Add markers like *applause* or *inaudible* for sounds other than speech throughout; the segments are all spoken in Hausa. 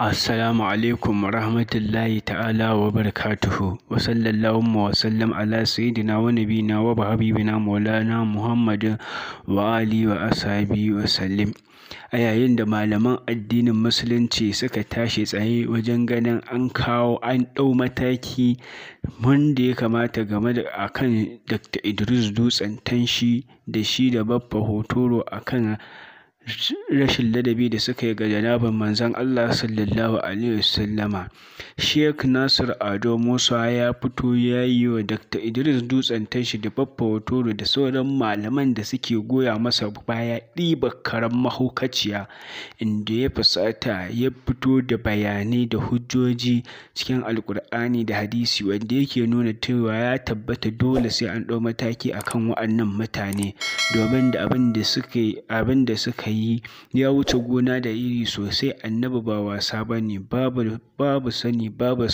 Assalamu alaikum wa rahmatullahi ta'ala wa barakatuhu wa sallallahu wa sallam ala sayyidina wa nabina wa habibina maulana Muhammadin wa ali wa ashabi wa sallim a yayin da malaman addinin musulunci suka tashi tsaye wajen ganin an kawo an ɗau mataki mun da ya kamata game da akan Dr. Idris Dutsen Tanshi da shi da Babba Hotoro akan rashin ladabi da suka yi ga janabar manzon Allah sallallahu alaihi wasallama Sheikh Nasir Ado Musa ya fito ya yi wa Dr. Idris Dutsen tashi da Baffa Hotoro da sauran malaman da suke goya masa baya ɗiba karan mahaukaciya inda ya fusata ya fito da bayanai da hujjoji cikin alkur'ani da hadisi wanda yake nuna cewa ya tabbata dole sai an ɗau mataki akan wa'annan mutane domin da abin da suka yi yi ya wuce gona da iri sosai annabi ba wasa ba ne babu sani babu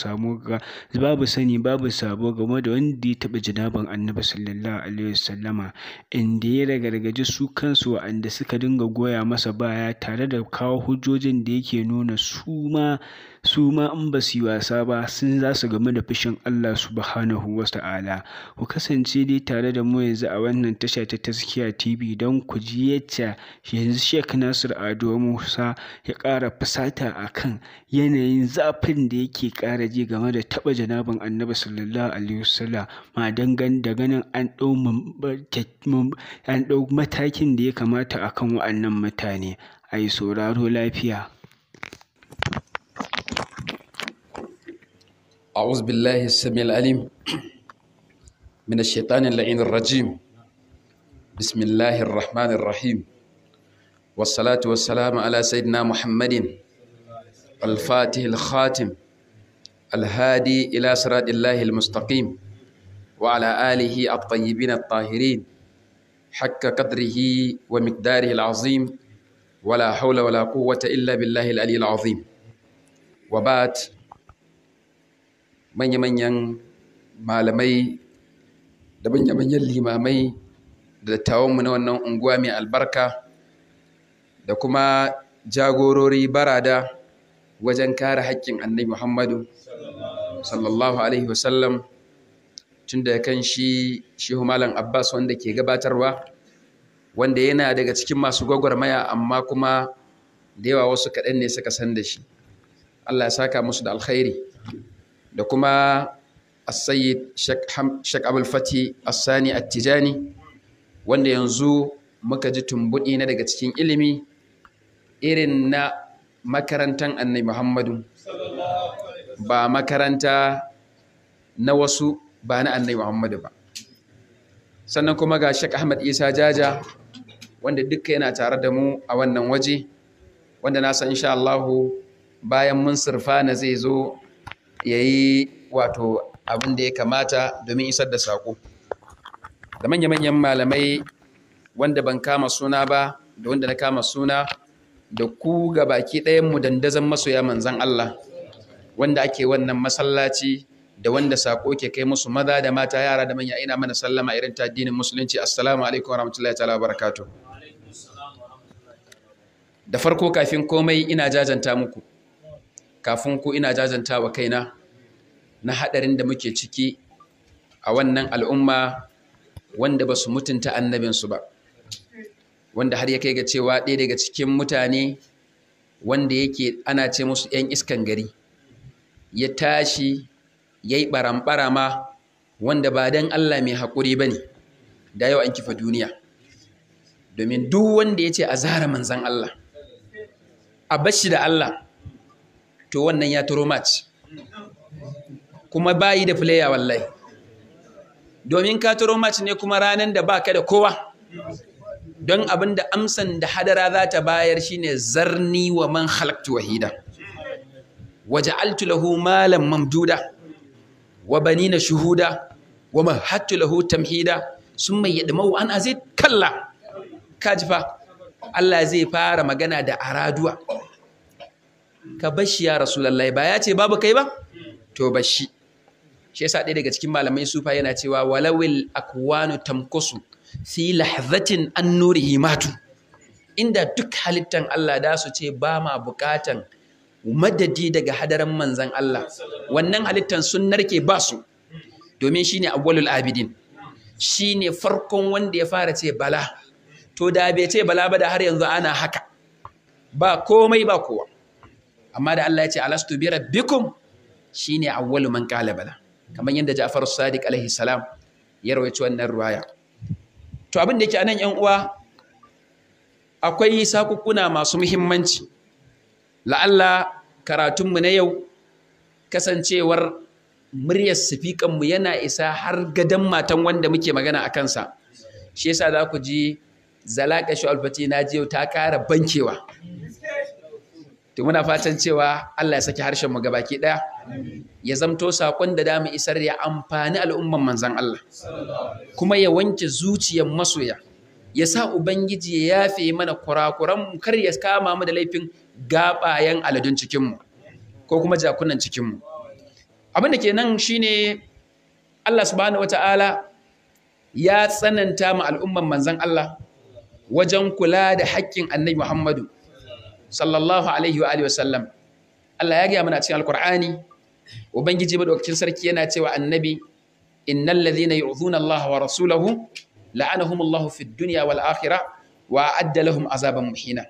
sabo game da wanda ya taɓa jinaban annabi sallallahu alaihi wasallama inda ya ragargaji su kansu waɗanda suka dinga goya masa baya tare da kawo hujjojin da yake nuna su ma su ma in ba su yi wasa ba sun za su game da fushin Allah subhanahu wa ta'ala ku kasance dai tare da mu yanzu a wannan tasha ta taskiya TV don ku ji yacca yanzu Sheikh Nasir Ado Musa ya kara fusata kan yanayin zafin da yake kara ji game da taba janabin Annabi sallallahu alaihi wasallam ma dangan da ganin an dau matakin da ya kamata akan waɗannan mutane a sauraro lafiya أعوذ بالله السميع العليم من الشيطان اللعين الرجيم بسم الله الرحمن الرحيم والصلاة والسلام على سيدنا محمد الفاتح الخاتم الهادي إلى صراط الله المستقيم وعلى آله الطيبين الطاهرين حق قدره ومقداره العظيم ولا حول ولا قوة إلا بالله العلي العظيم وبعد manya-manyan malamai da manya-manyan limamai da dattawanmu na wannan unguwa mai albarka da kuma jagorori barada wajen kare haƙƙin annabi Muhammadu sallallahu alaihi wasallam tun da kan shi shehu malam Abbas wanda ke gabatarwa wanda yana daga cikin masu gwagwarmaya amma kuma da yawa wasu kaɗan ne suka san da shi Allah ya saka musu da alkhairi da kuma As-Sayyid Sheikh Abul Fati asani sani tijani wanda yanzu muka ji tumbuɗi na daga cikin ilimi irin na makarantan Annabi Muhammadu ba makaranta na wasu ba na Annabi Muhammadu ba sannan kuma ga Sheikh Ahmad Isa Jaja wanda duka yana tare da mu a wannan waje wanda na san insha Allahu bayan mun surfa na zai zo ya yi wato abin da ya kamata domin isar da saƙo da manya-manyan malamai wanda ban kama suna ba da wanda na kama suna da ku ga baki ɗayan mu dandazon masoya manzan Allah wanda ake wannan masallaci da wanda saƙo ke kai musu maza da mata yara da manya ina mana sallama irin ta addinin musulunci assalamu alaikum wa rahmatullahi ta'ala wa barakatuh da farko kafin komai ina jajanta muku kafin ku ina jajanta wa kaina na haɗarin da muke ciki a wannan al'umma wanda ba su mutunta annabinsu ba wanda har ya kai ga cewa ɗaya daga cikin mutane wanda yake ana ce musu 'yan iskan gari ya tashi ya yi ɓaramɓarama wanda ba don Allah mai haƙuri ba ne da yau an kifa duniya domin duk wanda ya ce a zara manzan Allah a bashi da Allah to wannan ya turo match kuma bayi da player wallahi domin ka turo match ne kuma ranan da baka da kowa don abin da amsan da hadara za ta bayar shine zarni wa man halaktu wahida waja'altu lahu Malam mamduda wa banina shuhuda wa mahattu lahu tamhida yadda yadmau an zai kalla kajifa Allah zai fara magana da araduwa ka bashi ya rasu lallai. ba ya ce babu kai ba to bashi shi yasa ɗaya daga cikin malamai sufa yana cewa walawil akwanu tamkusu fi lahzatin an nuri himatu. inda duk halittan Allah da su ce ba ma bukatan madadi daga hadarin manzan Allah wannan halittan sun narke ba su domin shi ne awwalul abidin Shi ne farkon wanda ya fara ce bala to da bai ce bala ba da har yanzu ana haka ba komai ba kowa amma da Allah ya ce alastu bi rabbikum shine awwalu man qala bala kamar yadda Ja'far as-Sadiq alaihi salam ya rawaito wannan ruwaya to abin da yake anan yan uwa akwai sakukuna masu muhimmanci la'alla karatun mu na yau kasancewar muryar sifikan mu yana isa har gadan matan wanda muke magana a kansa shi yasa za ku ji zalaka shu'al fati na ta kara bankewa to muna fatan cewa Allah ya saki harshen mu gabaki ɗaya, ya zamto sakon da damu isar ya amfani al'umman manzan Allah kuma ya wanke zuciyar masoya ya sa ubangiji ya yafe mana kurakuran kar ya kama mu da laifin gabayan aladun cikinmu mu ko kuma jakunan cikinmu. mu abin da ke kenan shine Allah subhanahu wataala ya tsananta ma al'umman manzan Allah wajen kula da haƙƙin Annabi Muhammadu sallallahu alaihi wa alihi wasallam Allah ya gaya mana cikin alqur'ani ubangiji madaukakin sarki yana cewa annabi innal ladhina yu'dhuna Allah wa rasulahu la'anahum Allah fid dunya wal akhirah wa adda lahum azaban muhina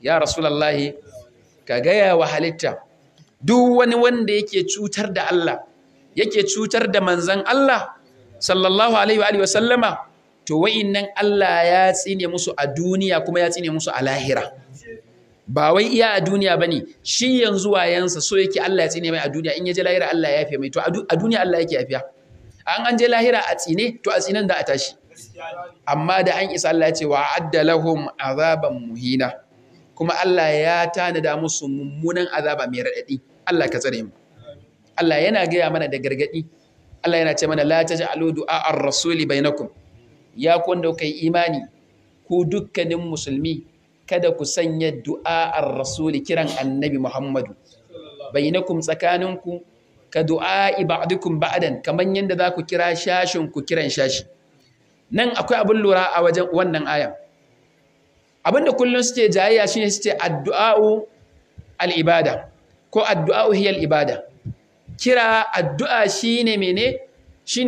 ya rasulullah ka gaya wa halitta duk wani wanda yake cutar da Allah yake cutar da manzon Allah sallallahu alaihi wa alihi wasallama to wa'innan Allah ya tsine musu a duniya kuma ya tsine musu a lahira ba wai iya a duniya ba ne. shi yanzu wayansa so yake Allah ya tsine mai a duniya in ya je lahira Allah ya yafe mai to a duniya Allah yake yafiya an an je lahira a tsine to a tsinen da a tashi amma da an isa Allah ya ce wa adda lahum azaban muhina kuma Allah ya tanada musu mummunan azaba mai raɗaɗi. Allah ka tsare mu Allah yana gaya mana da gargadi Allah yana ce mana la taj'alu du'a ar-rasuli bainakum ya ku wanda kuka yi imani ku dukkanin musulmi kada ku sanya du'a ar-rasuli kiran annabi Muhammadu bainakum tsakaninku ka du'a ba'dukum ba'adan kaman yadda za ku kira shashin ku kiran shashi nan akwai abin lura a wajen wannan ayan abinda kullum suke jayayya ne suke addu'a'u al'ibada ko addu'a'u hiya ibada kira addu'a ne mene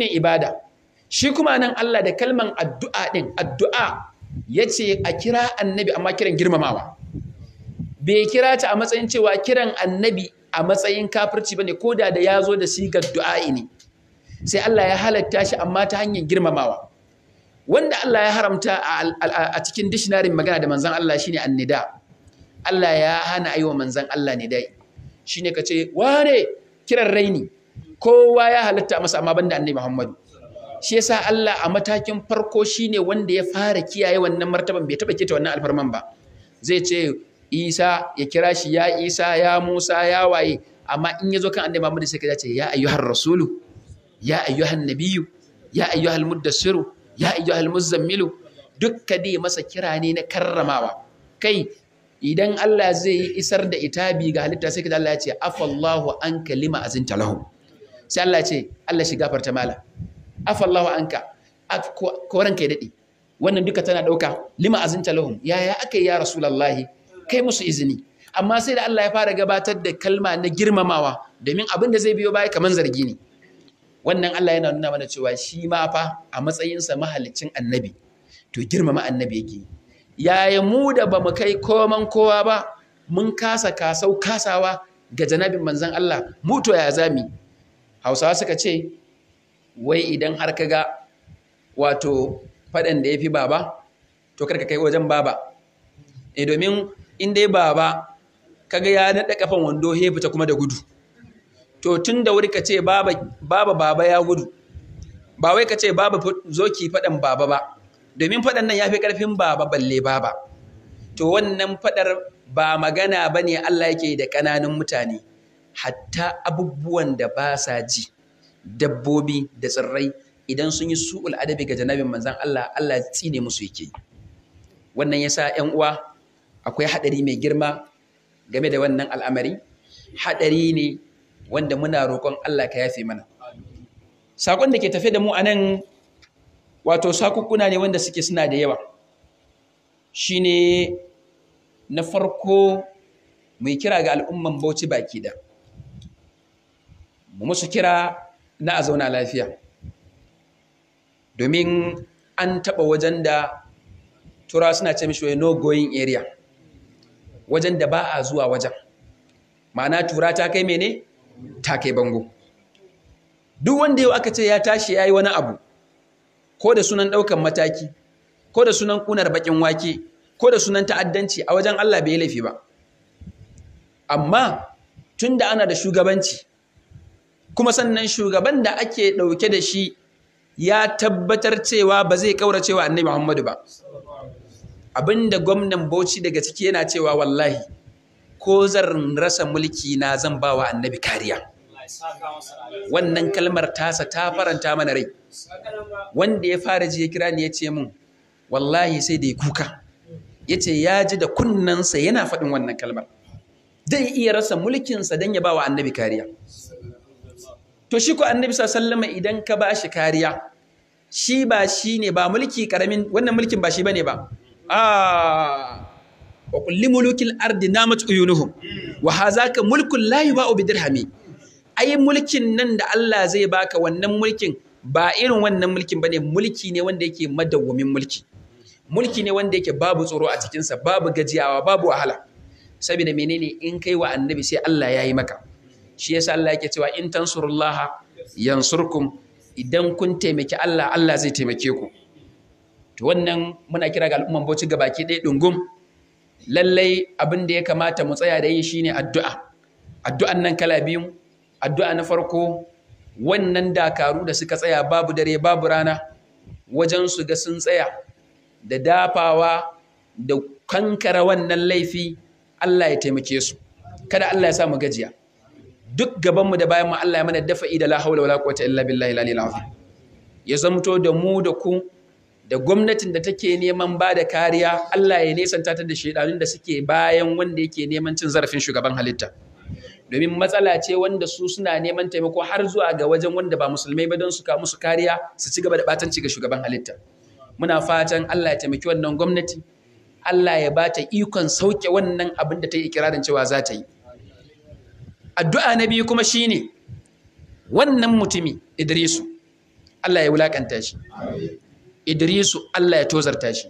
ne ibada shi kuma nan Allah da kalman addu'a ɗin addu'a ya ce a kira annabi amma kiran girmamawa bai kira ta a matsayin cewa kiran annabi a matsayin kafirci bane ko da da ya zo da sigar du'a'i ne sai Allah ya halatta shi amma ta hanyar girmamawa wanda Allah ya haramta a cikin dishinarin magana da manzan Allah shine annida Allah ya hana aiwa manzan Allah ne dai shine kace wane kiran raini kowa ya halatta masa amma banda annabi Muhammadu shi yasa Allah a matakin farko shine wanda ya fara kiyaye wannan martaban bai taba kita wannan alfarman ba zai ce Isa ya kira shi ya Isa ya Musa ya waye amma in yazo kan annabi Muhammad sai ka ce ya ayyuhar rasulu ya ayyuhan nabiyyu ya ayyuhal muddassiru ya ayyuhal muzammilu dukka dai masa kira ne na karramawa kai idan Allah zai yi isar da itabi ga halitta sai kaga Allah ya ce afallahu an kalima azinta lahum sai Allah ya ce Allah shi gafarta mala afallahu anka koren ka ya daɗi. wannan duka tana ɗauka. lima azinta lahum yaya yi ya rasulullahi kai musu izini amma sai da Allah ya fara gabatar da kalma na girmamawa domin abin da zai biyo baya kaman zargi ne wannan Allah yana nuna mana cewa shi ma fa a matsayinsa mahalicin annabi to girmama annabi yake yaya mu da bamu kai koman kowa ba mun kasa kasau kasawa ga janabin manzon Allah mu ya zami Hausawa suka ce wai idan har ka ga wato faɗin da ya fi baba to karka kai wajen baba e domin in dai baba kaga ya naɗa ƙafan wando ya fita kuma da gudu to tun da wuri ka ce baba baba ya gudu ba wai ka ce baba zo ki faɗan baba ba domin faɗin nan ya fi ƙarfin baba balle baba to wannan faɗar ba magana ba ne Allah yake da ƙananan mutane hatta abubuwan da ba sa ji dabbobi da tsirrai idan sun yi su'ul adabi ga janabin manzan Allah Allah tsine musu yake wannan yasa ƴan uwa akwai hadari mai girma game da wannan al'amari hadari ne wanda muna roƙon Allah ka yafe mana sakon da ke tafe da mu anan wato sakukkuna ne wanda suke suna da yawa shine na farko mai kira ga al'umman Bauchi baki da mu musu kira na a zauna lafiya domin an taɓa wajen da tura suna ce mishi no going area wajen da ba a zuwa wajen ma'ana tura ta kai mene ta kai bango duk wanda yau aka ce ya tashi ya yi wani abu ko da sunan ɗaukan mataki ko da sunan kunar bakin wake ko da sunan ta'addanci a wajen Allah bai laifi ba amma tun da ana da shugabanci kuma sannan shugaban da ake ɗauke da shi ya tabbatar cewa ba zai cewa annabi Muhammadu ba abinda gwamnan Bauchi daga ciki yana cewa wallahi ko zan rasa mulki na zan ba wa annabi kariya wannan kalmar tasa ta faranta mana rai wanda ya fara ji ya kira ni ya ce min wallahi sai da ya kuka ya ce ya ji da kunnansa yana faɗin wannan kalmar zai iya rasa mulkinsa don ya ba wa annabi kariya to shi ko annabi sallama idan ka ba shi kariya shi ba shi ne ba mulki karamin wannan mulkin ba shi bane ba a wa kulli mulukil ardi namat uyunuhum wa ka mulkun la yuba'u bidirhami ai mulkin nan da Allah zai baka wannan mulkin ba irin wannan mulkin bane mulki ne wanda yake madawwamin mulki mulki ne wanda yake babu tsoro a cikinsa babu gajiyawa babu wahala saboda menene in kai wa annabi sai Allah ya yi maka shi yasa Allah yake cewa in tansurullaha yansurkum idan kun taimaki Allah Allah zai taimake ku to wannan muna kira ga al'umman Bauchi ga baki ɗaya dungum lallai abin da ya kamata mu tsaya da yi shine addu'a addu'an nan kala biyu addu'a na farko wannan dakaru da suka tsaya babu dare babu rana wajen su ga sun tsaya da dafawa da kankara wannan laifi Allah ya taimake su kada Allah ya sa mu gajiya duk gabanmu da bayanmu Allah ya mana dafa Ida la haula wala quwwata illa billahi al-aliyyil azim ya zamto da mu da ku da gwamnatin da take neman ba da kariya Allah ya nesanta ta da shedanun da suke bayan wanda yake neman cin zarafin shugaban halitta domin matsala ce wanda su suna neman taimako har zuwa ga wajen wanda ba musulmai ba don su ka musu kariya su ci gaba da batanci ga shugaban halitta muna fatan Allah ya taimaki wannan gwamnati Allah ya ba ta ikon sauke wannan abin da ta yi ikirarin cewa za ta yi addu'a na biyu kuma shi ne. wannan mutumi Idrisu Allah ya wulaƙanta shi Idrisu Allah ya tozarta shi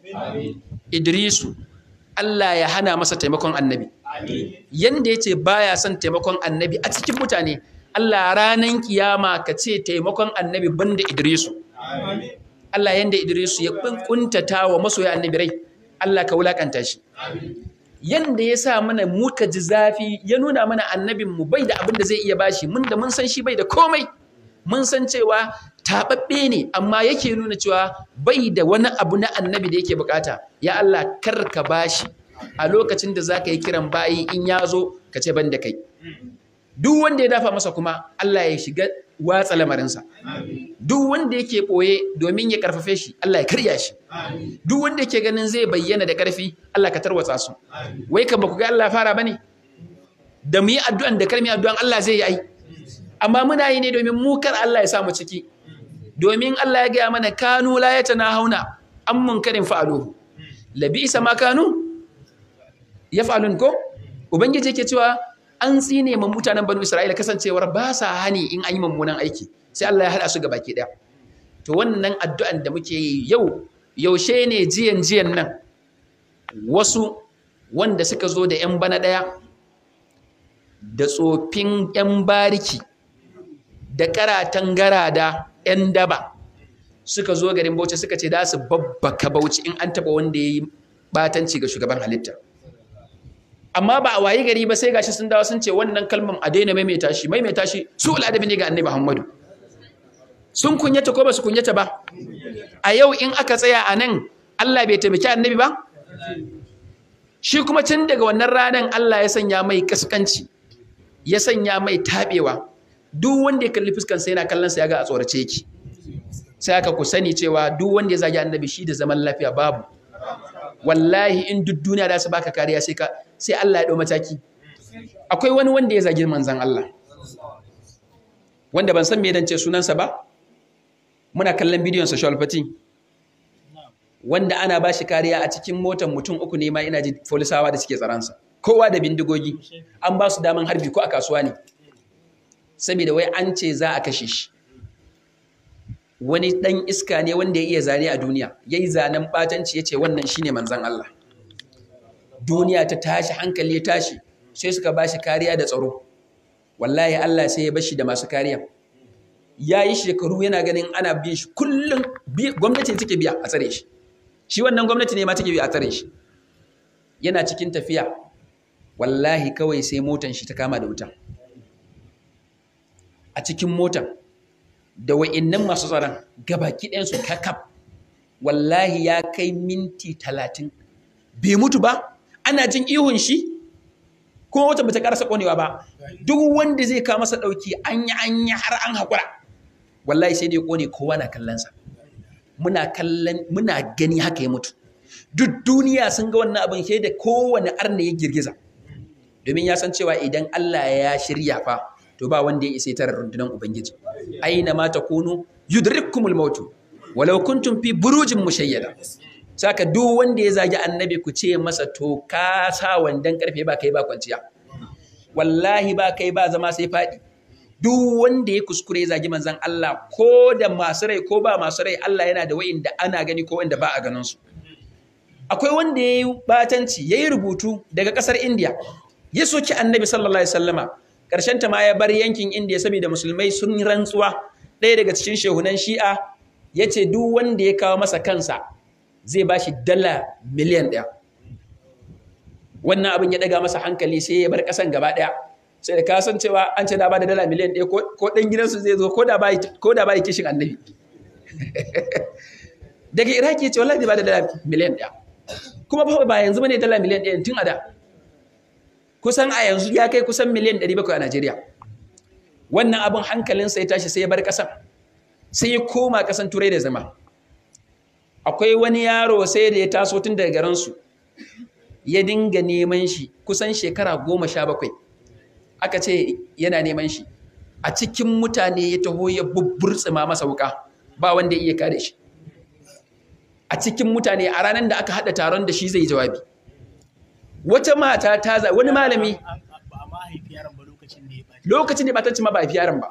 Idrisu Allah ya hana masa taimakon annabi yanda yace baya son taimakon annabi a cikin mutane Allah ranan kiyama ka ce taimakon annabi banda Idrisu Allah yanda Idrisu ya kuntata wa masoya annabi rai Allah ka wulaƙanta shi yanda ya sa mana muka ji zafi ya nuna mana annabin mu bai da abin da zai iya bashi mun da mun san shi bai da komai mun san cewa taɓaɓɓe ne amma yake nuna cewa bai da wani abu na annabi da yake bukata ya Allah kar ka bashi a lokacin da za ka yi kiran bayi in ya zo ka ce ban da kai duk wanda ya dafa masa kuma Allah ya shiga watsa lamarinsa duk wanda yake ɓoye domin ya karfafe shi Allah ya karya shi duk wanda yake ganin zai bayyana da ƙarfi Allah ka tarwatsa su wai kan ku ga Allah fara bane da mu yi addu'an da karmi addu'an Allah zai yi ai amma muna yi ne domin mu kar Allah ya samu ciki domin Allah ya gaya mana kanu la hauna, an mun karin fa'aluhu labisa ma kanu ya yaf'alun ko ubangiji yake cewa an tsine ma mutanen banu isra'ila kasancewar ba sa hani in an yi mummunan aiki sai Allah ya hada su gabaki daya to wannan addu'an da muke yi yau yaushe ne jiyan jiyan nan wasu wanda suka zo da yan bana daya da tsofin yan bariki da karatan garada yan daba suka zo garin Bauchi suka ce da su babbaka Bauchi in an taba wanda yayi batanci ga shugaban halitta amma ba a wayi gari ba sai gashi sun dawo sun ce wannan kalmar a daina maimaita shi maimaita shi su al'adabi ne ga annabi Muhammadu sun kunyata ko ba su kunyata ba a yau in aka tsaya a nan Allah bai taimaki annabi ba shi kuma tun daga wannan ranar Allah ya sanya mai kaskanci ya sanya mai tabewa duk wanda ya kalli fuskar sa yana kallon sa ya ga a tsorace yake sai aka ku sani cewa duk wanda ya zagi annabi shi da zaman lafiya babu wallahi in duk duniya da su baka kariya sai ka sai Allah ya dau mataki akwai wani wanda ya zagi manzon Allah wanda ban san me dan ce sunansa ba muna kallon bidiyon sa Shaul Fatin wanda ana ba shi kariya a cikin motar mutum uku ne ma ina ji folisawa da suke tsaransa kowa da bindigogi an ba su daman harbi ko a kasuwa ne saboda wai an ce za a kashe shi wani ɗan iska ne wanda ya iya zane a duniya Ya yi zanen batanci ce wannan shine manzan Allah duniya ta tashi hankali ya tashi sai suka ba shi kariya da tsaro wallahi Allah sai ya bashi da masu kariya ya yi shekaru yana ganin ana bin shi kullum gwamnati ne take biya a tsare shi shi wannan gwamnati ne ma take biya a tsare shi yana cikin tafiya wallahi kawai sai motan shi ta kama da wuta a cikin motan da wa'innan masu tsaron gabaki su kakaf wallahi ya kai minti talatin bai mutu ba ana jin ihun shi kuma wata bata karasa konewa ba duk wanda zai kawo masa ɗauki an yi har an hakura. wallahi sai dai kone kowa na kallonsa muna kallon muna gani haka ya mutu duk duniya sun ga wannan abin sai da kowane arna ya girgiza domin ya san cewa idan Allah ya shirya fa to ba wanda ya isa tarar rundunar ubangiji aina ma takunu yudrikkumul mautu walau kuntum fi burujin mushayyada saka duk wanda ya zagi annabi ku ce masa to ka sa wandan karfe ba kai ba kwanciya wallahi ba kai ba zama sai fadi. duk wanda ya kuskure ya zagi manzan Allah ko da masu rai ko ba masu rai Allah yana da wa'inda ana gani ko wanda ba a ganin su akwai wanda ya yi batanci yayi rubutu daga kasar India ya soki annabi sallallahu alaihi wasallama karshen ta ma ya bar yankin indiya saboda musulmai sun rantsuwa ɗaya daga cikin shehunan shi'a ya ce duk wanda ya kawo masa kansa zai ba shi dala miliyan ɗaya wannan abin ya ɗaga masa hankali sai ya bar ƙasan gaba ɗaya sai da ka san cewa an ce da ba da dala miliyan ɗaya ko ɗan gidansu zai zo ko da ba yi kishin annabi *laughs* daga iraki ya ce wallahi ba da dala miliyan ɗaya kuma ba yanzu ba ne dala miliyan ɗaya tun a da kusan a yanzu ya kai kusan miliyan 700 a Najeriya wannan abin hankalinsa ya tashi sai ya bar kasan sai ya koma kasan turai da zama akwai wani yaro sai da ya taso tun daga garinsu ya dinga neman shi kusan shekara goma sha bakwai aka ce yana neman shi a cikin mutane ya taho ya bubburtsima masa wuka ba wanda ya iya kare shi a cikin mutane a ranar da aka haɗa taron da shi zai jawabi wata mata ta za wani malami lokacin da ba ta ci ma ba haifi yaron ba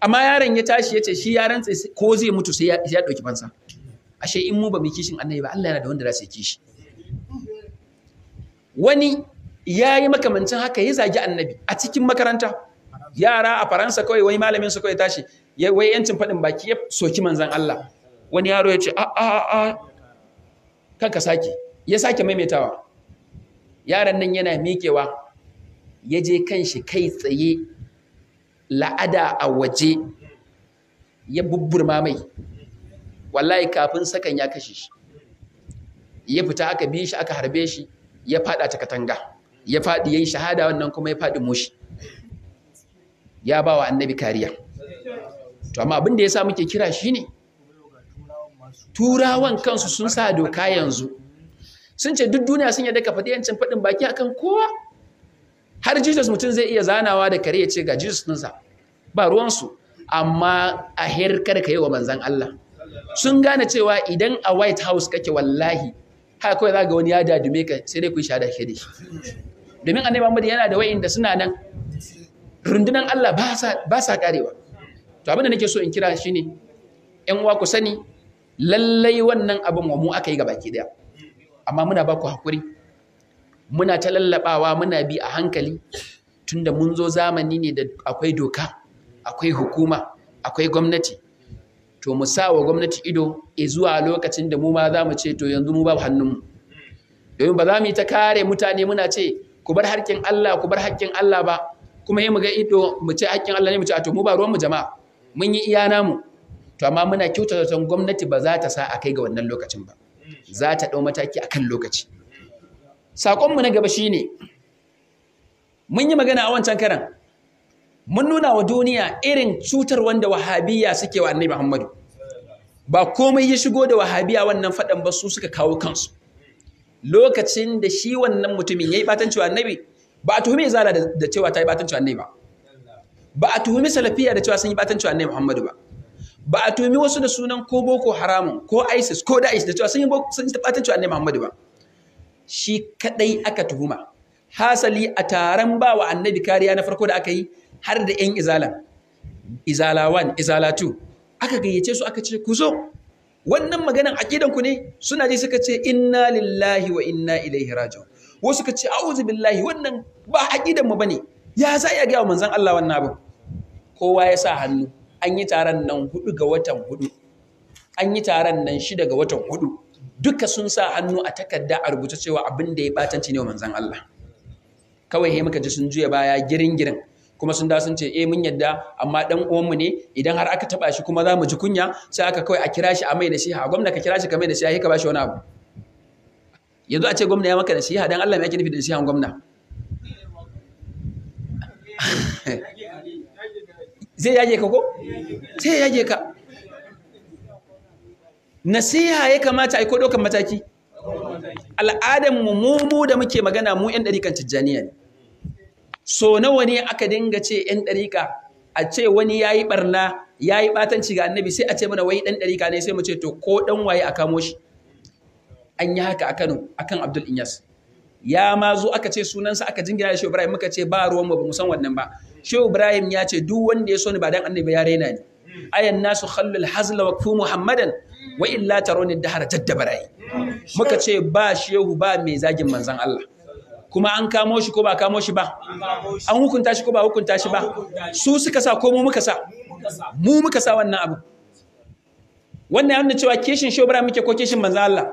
amma yaron ya tashi ya ce shi yaron ko zai mutu sai ya ɗauki fansa ashe in mu ba mai kishin annabi ba Allah yana da wanda za su yi kishi wani ya yi makamancin haka ya zagi annabi a cikin makaranta yara a faransa kawai wani malamin su kawai tashi ya wai yancin faɗin baki ya soki manzan Allah wani yaro ya ce a a a kanka sake ya sake maimaitawa yaron nan yana miƙewa ya je kan shi kai tsaye la'ada a waje ya bubburma mai wallahi kafin sakan ya kashe shi ya fita aka bi shi aka harbe shi ya fada ta katanga ya fadi yayi shahada wannan kuma ya fadi mushi ya ba wa annabi kariya to amma abin da yasa muke kira shine turawan kansu sun sa doka yanzu sun ce duk duniya sun yadda ka faɗi yancin faɗin baki akan kowa har jesus mutum zai iya zanawa da kare ya ce ga jesus ɗinsa ba ruwansu amma a herkar ka yi wa manzan Allah sun gane cewa idan a white house kake wallahi haka kawai za ga wani ya dadume ka sai dai ku yi shada ke da shi domin annabi Muhammad yana da wa'inda suna nan rundunan Allah ba sa karewa to abin da nake so in kira shine 'yan uwa ku sani lallai wannan abin wa mu aka yi baki daya amma muna ba ku haƙuri muna ta lallaɓawa muna bi a hankali tunda mun zo zamani ne da akwai doka akwai hukuma akwai gwamnati to mu sa wa gwamnati ido e zuwa lokacin da mu ma za mu ce to yanzu mu ba hannunmu domin ba za mu yi ta kare mutane muna ce ku bar harkin Allah ku bar harkin Allah ba kuma yi mu ga ido mu ce harkin Allah ne mu ce a to mu ba ruwan mu jama'a mun yi iya namu to amma muna kyautata gwamnati ba za ta sa a kai ga wannan lokacin ba za ta ɗau mataki a kan lokaci saƙonmu na gaba shi ne. mun yi magana a wancan karan mun nuna wa duniya irin cutar wanda wahabiyya suke wa annabi muhammadu ba komai ya shigo da wahabiyya wannan faɗan ba su suka kawo kansu lokacin da shi wannan mutumin ya yi ɓatanci annabi ba a tuhumi zala da cewa ta yi ɓatanci annabi ba ba a tuhumi salafiya da cewa sun yi ɓatanci annabi muhammadu ba ba a tumi wasu da sunan ko boko haramun ko isis ko da isis da cewa sun yi sun yi annabi muhammadu ba shi kaɗai aka tuhuma hasali a taron ba wa annabi kariya na farko da aka yi har da yan izala izala 1 izala 2 aka gayyace su aka ce ku zo wannan maganan aqidan ku ne suna ji suka ce inna lillahi wa inna ilaihi raji'un wasu suka ce a'udhu billahi wannan ba aqidan mu bane ya za a ga manzon Allah wannan abin? kowa ya sa hannu an yi taron nan hudu ga watan hudu an yi taron nan shida ga watan hudu duka sun sa hannu a takarda a rubuta cewa abin da ya batanci ne wa manzan Allah kawai he muka ji sun juya baya girin girin kuma sun da sun ce eh mun yadda amma dan uwanmu ne idan har aka taba shi kuma za mu ji kunya sai aka kawai a kira shi a mai nasiha gwamna ka kira shi ka mai nasiha he ka bashi wani abu yanzu a ce gwamna ya maka nasiha dan Allah me yake nufi da nasiha gwamna zai yage ka ko sai yage ka nasiha ya kamata a ko ɗaukan mataki al'adar mu da muke magana mu 'yan ɗarikan tijjaniya ne so nawa ne aka dinga ce 'yan ɗarika a ce wani ya yi ɓarna ya yi ɓatanci ga annabi sai a ce mana wai ɗan ɗarika ne sai mu ce to ko ɗan waye a kamo shi an yi haka a kano akan abdul inyas ya ma zo aka ce sunansa aka jingina da shi ibrahim muka ce ba ruwan mu ba mu san wannan ba shehu ibrahim ya ce duk wanda ya so ni ba dan annabi ya raina ni ayan nasu khallul hazla wa kfu muhammadan wa illa tarawni dahara jaddabarai muka ce ba shehu ba mai zagin manzon Allah kuma an kamo shi ko ba kamo shi ba an hukunta shi ko ba hukunta shi ba su suka sa ko mu muka sa mu muka sa wannan abu wannan nuna cewa kishin Shehu Ibrahim muke ko kishin manzan Allah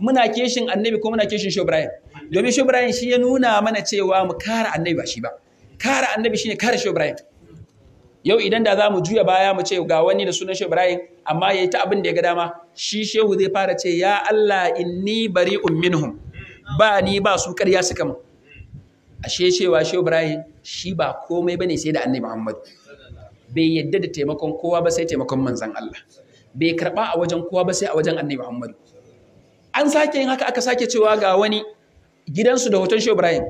muna kishin annabi ko muna kishin Shehu Ibrahim domin Shehu Ibrahim shi ya nuna mana cewa mu kare annabi ba shi ba kare annabi shine kare Shehu Ibrahim yau idan da za mu juya baya mu ce ga wani da sunan Shehu Ibrahim amma yayi ta abin da ya ga dama shi Shehu zai fara ce ya Allah inni bari'un minhum ba ni ba su ƙarya su kama ashe cewa Shehu Ibrahim shi ba komai bane sai da Annabi Muhammad bai yadda da taimakon kowa ba sai taimakon manzon Allah bai karba a wajen kowa ba sai a wajen Annabi Muhammad an sake yin haka aka sake cewa ga wani gidansu da hoton Shehu Ibrahim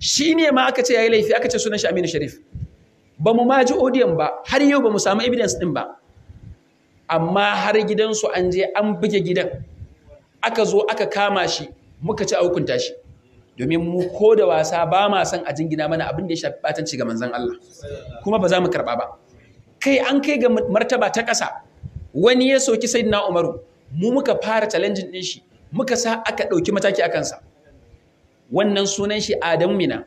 shi ne ma aka ce ya yi laifi aka ce sunan shi aminu sharif ba mu ma ji odiyan ba har yau ba mu samu evidence din ba amma har gidansu an je an buge gidan aka zo aka kama shi muka ci a hukunta shi domin mu ko da wasa ba ma san a jingina mana abin da ya shafi batanci ga manzon Allah kuma ba za mu karba ba kai an kai ga martaba ta ƙasa wani ya soki sayyidina Umaru mu muka fara challenging din shi muka sa aka dauki mataki a kansa. wannan sunan shi Adamu Mina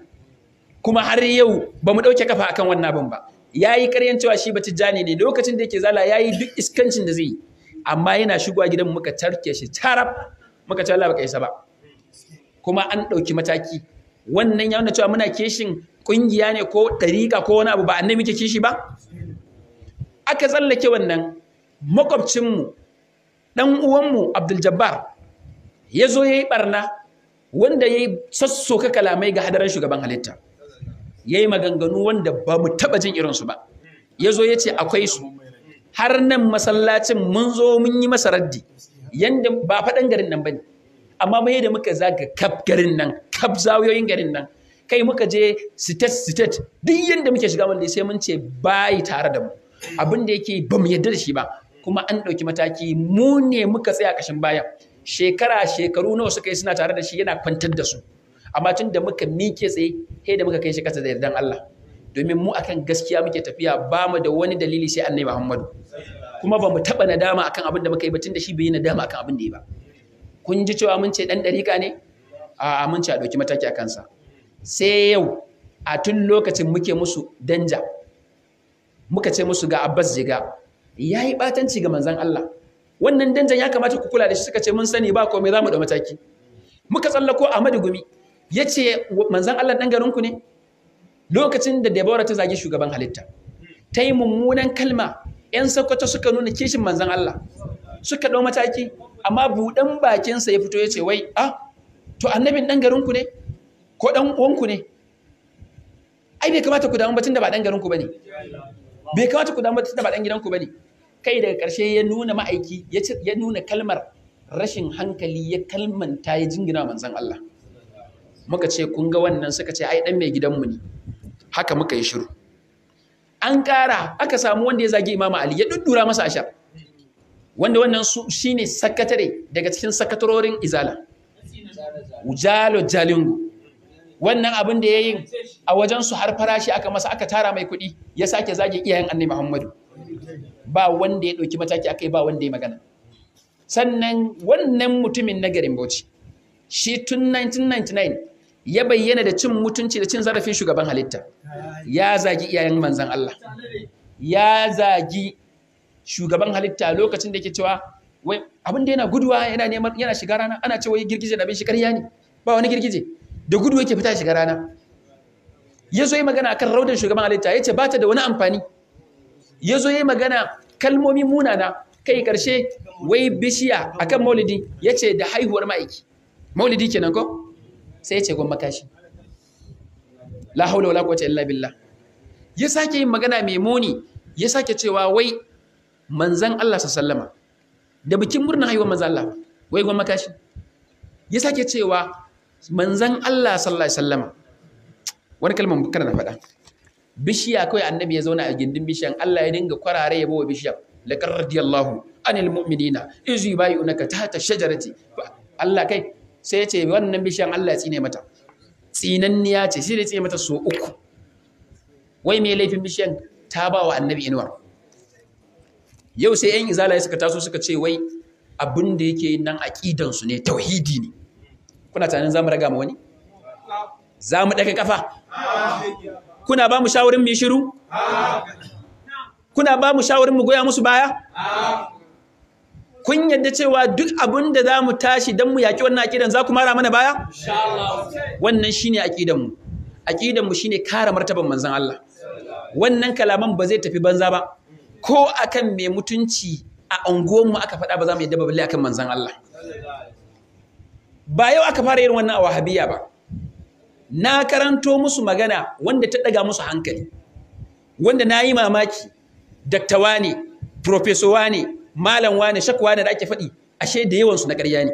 kuma har yau ba mu ɗauke kafa akan wannan abin ba ya yi ƙaryan cewa shi Tijjani ne lokacin da yake zala ya yi duk iskancin da zai yi amma yana shigowa gidan muka tarke shi taraf muka ce Allah baka isa ba kuma an ɗauki mataki wannan ya nuna cewa muna kishin ƙungiya ne ko ɗariƙa ko wani abu ba annabi muke kishi ba aka tsallake wannan makwabcinmu ɗan uwanmu Abdul Jabbar ya zo ya yi ɓarna wanda ya yi sassoka kalamai ga hadarar shugaban halitta ya yi maganganu wanda ba mu taɓa jin irinsu ba ya zo ya ce akwai su har nan masallacin mun zo mun yi masa raddi yadda ba faɗin garin nan ba ne amma mai da muka zaga kaf garin nan kaf zawiyoyin garin nan kai muka je sitet-sitet. duk yadda muke shiga wanda sai mun ce bayi tare da mu abin da yake ba mu yarda da shi ba kuma an ɗauki mataki mu ne muka tsaya ƙashin baya shekara shekaru nawa suka yi suna tare da shi yana kwantar da su amma tun da muka mike tsaye sai da muka kai shi kasa da yardan Allah domin mu akan gaskiya muke tafiya ba mu da wani dalili sai annabi Muhammadu kuma ba mu taba nadama akan abin da muka yi ba tun da shi bai yi nadama akan abin da ya ba kun ji cewa mun ce dan dariƙa ne a mun ce a doki mataki a kansa sai yau a tun lokacin muke musu danja muka ce musu ga Abbas Jiga yayi batanci ga manzon Allah wannan danjan ya kamata ku kula da shi suka ce mun sani ba komai za mu da mataki muka tsallako Ahmadu Gumi ya ce manzan Allah ɗan garinku ne lokacin da Deborah ta zagi shugaban halitta ta yi mummunan kalma ƴan Sokoto suka nuna kishin manzon Allah suka ɗau mataki amma bakin bakinsa ya fito ya ce wai ah to annabin ɗan garinku ne ko ɗan uwanku ne ai bai kamata ku damu batun da ba ɗan garinku ba ne bai kamata ku damu batun da ba ɗan gidan ba ne kai daga ƙarshe ya nuna ma'aiki ya nuna kalmar rashin hankali ya kalmanta ya jingina manzon Allah muka ce kun ga wannan suka ce ai dan mai gidanmu ne haka muka yi shiru an ƙara aka samu wanda ya zagi imama Ali ya duddura masa ashar wanda wannan su shine sakatare daga cikin sakatarorin izala Ujalo jalingu wannan abin da ya yi a wajen su har farashi aka masa aka tara mai kuɗi ya sake zage iyayen Annabi Muhammadu ba wanda ya ɗauki mataki akai ba wanda ya magana sannan wannan mutumin na garin Bauchi shi tun 1999 ya bayyana da cin mutunci da cin zarafin shugaban halitta ya zagi iyayen manzan Allah ya zagi shugaban halitta lokacin da ke cewa wai abin da yana guduwa yana neman yana shiga rana ana cewa yi girgije da abin shi ƙarya ne ba wani girgije da guduwa yake fita shiga rana ya zo yi magana akan raudan shugaban halitta ya ce ba ta da wani amfani ya zo ya magana kalmomi munana kai karshe wai bishiya a kan maulidi ya ce da haihuwar ma'aiki maulidi kenan ko sai ya ce gwamma kashi la haula wala quwwata illa billah ya sake yin magana mai muni ya sake cewa wai manzan Allah sallama da bikin murnar haihuwar manzan Allah wai gwamma kashi ya sake cewa manzan Allah sallallahu Sallama. wani kalmar kana na faɗa bishiya kawai annabi ya zauna a gindin bishiyan Allah ya dinga kwarare ya wa bishiyan laqad radiyallahu anil mu'minina iz yubayunaka tahta shajarati Allah kai sai ya ce wannan bishiyan Allah ya tsine mata tsinanniya ce shi da tsine mata so uku wai me laifin bishiyan ta ba wa annabi inuwa yau sai yan izala suka taso suka ce wai abin da yake nan aqidan su ne tauhidi ne kuna tunanin zamu raga ma wani zamu daka kafa kuna ba mu shawarin mu yi shiru kuna ba mu shawarin mu goya musu baya kun yadda cewa duk abin da za mu tashi don mu yaƙi wannan aƙidan za ku mara mana baya wannan shine aƙidan mu aƙidan shi shine kare martaban manzan Allah wannan kalaman ba zai tafi banza ba ko akan mai mutunci a unguwanmu aka faɗa ba za mu yadda ba balle akan manzan Allah ba yau aka fara yin wannan a wahabiyya ba na karanto musu magana wanda ta daga musu hankali wanda na yi mamaki daktawa ne profesowa ne malamwa ne shakwa ne da ake faɗi ashe da yawansu na ƙarya ne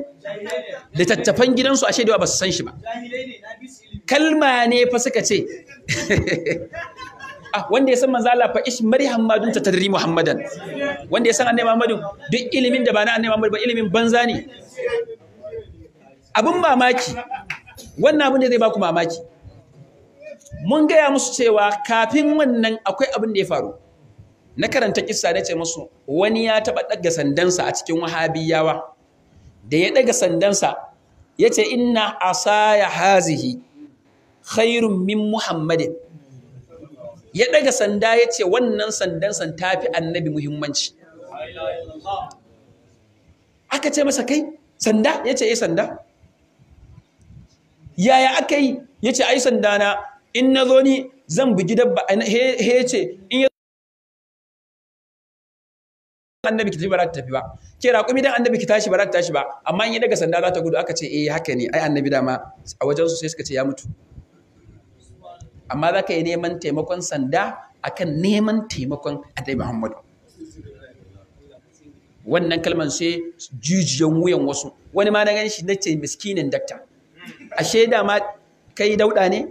littattafan gidansu ashe da yawa ba su san shi ba kalma ne fa suka ce *laughs* ah wanda ya san manzo Allah fa ish mari hammadun ta tadri muhammadan wanda ya san annabi muhammadu duk ilimin da ba na annabi muhammadu ba ilimin banza ne abin mamaki wannan abin da zai baku mamaki mun gaya musu cewa kafin wannan akwai abin da ya faru na karanta kissa na ce musu wani ya taɓa ɗaga sandansa a cikin wahabiyawa da ya ɗaga sandansa ya ce inna asaya hazihi khairun min muhammadin ya ɗaga sanda ya ce wannan sandansa ta fi annabi muhimmanci aka ce masa kai sanda ya ce yi eh, sanda yaya aka yi ya ce ai sandana in na zo ni zan bugi dabba he ce in ya annabi ki tafi ba za ta tafi ba ke raƙumi dan annabi ki tashi ba za ta tashi ba amma in ya daga sanda za ta gudu aka ce eh haka ne ai annabi dama a wajen su sai suka ce ya mutu amma za ka yi neman taimakon sanda akan neman taimakon annabi Muhammadu wannan kalman sai jijiyan wuyan wasu wani ma na gan shi na ce miskinin dakta ashe da ma kai dauda ne